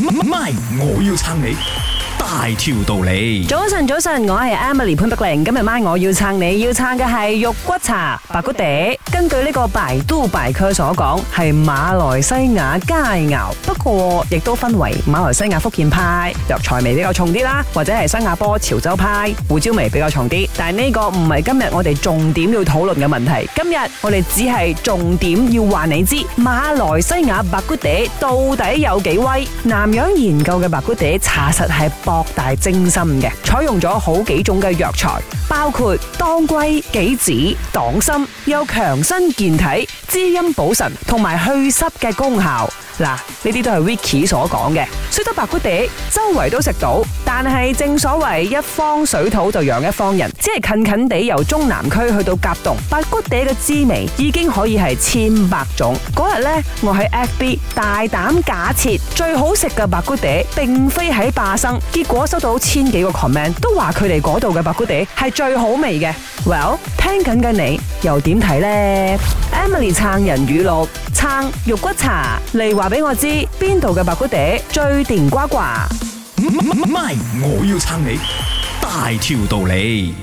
MY，我要撐你。大條道理，早晨早晨，我係 Emily 潘碧玲。今日晚我要撐你，要撐嘅係肉骨茶白骨地。根據呢個百度百科所講，係馬來西亞佳餚。不過亦都分為馬來西亞福建派，藥材味比較重啲啦，或者係新加坡潮州派，胡椒味比較重啲。但係呢個唔係今日我哋重點要討論嘅問題。今日我哋只係重點要話你知，馬來西亞白骨地到底有幾威？南洋研究嘅白骨地查實係博。博大精深嘅，採用咗好幾種嘅藥材，包括當歸、杞子、黨參，又強身健體。滋陰補腎同埋祛濕嘅功效，嗱呢啲都係 Vicky 所講嘅。雖得肉骨茶，周圍都食到，但係正所謂一方水土就養一方人，只係近近地由中南區去到甲洞，肉骨茶嘅滋味已經可以係千百種。嗰日呢，我喺 FB 大膽假設，最好食嘅肉骨茶並非喺霸生，結果收到千幾個 comment 都話佢哋嗰度嘅肉骨茶係最好味嘅。Well，聽緊嘅你又點睇呢？今日 m i 撐人語錄，撐肉骨茶嚟話俾我知，邊度嘅白骨蝶最甜瓜瓜？唔咪、嗯嗯嗯嗯、我要撐你，大條道理。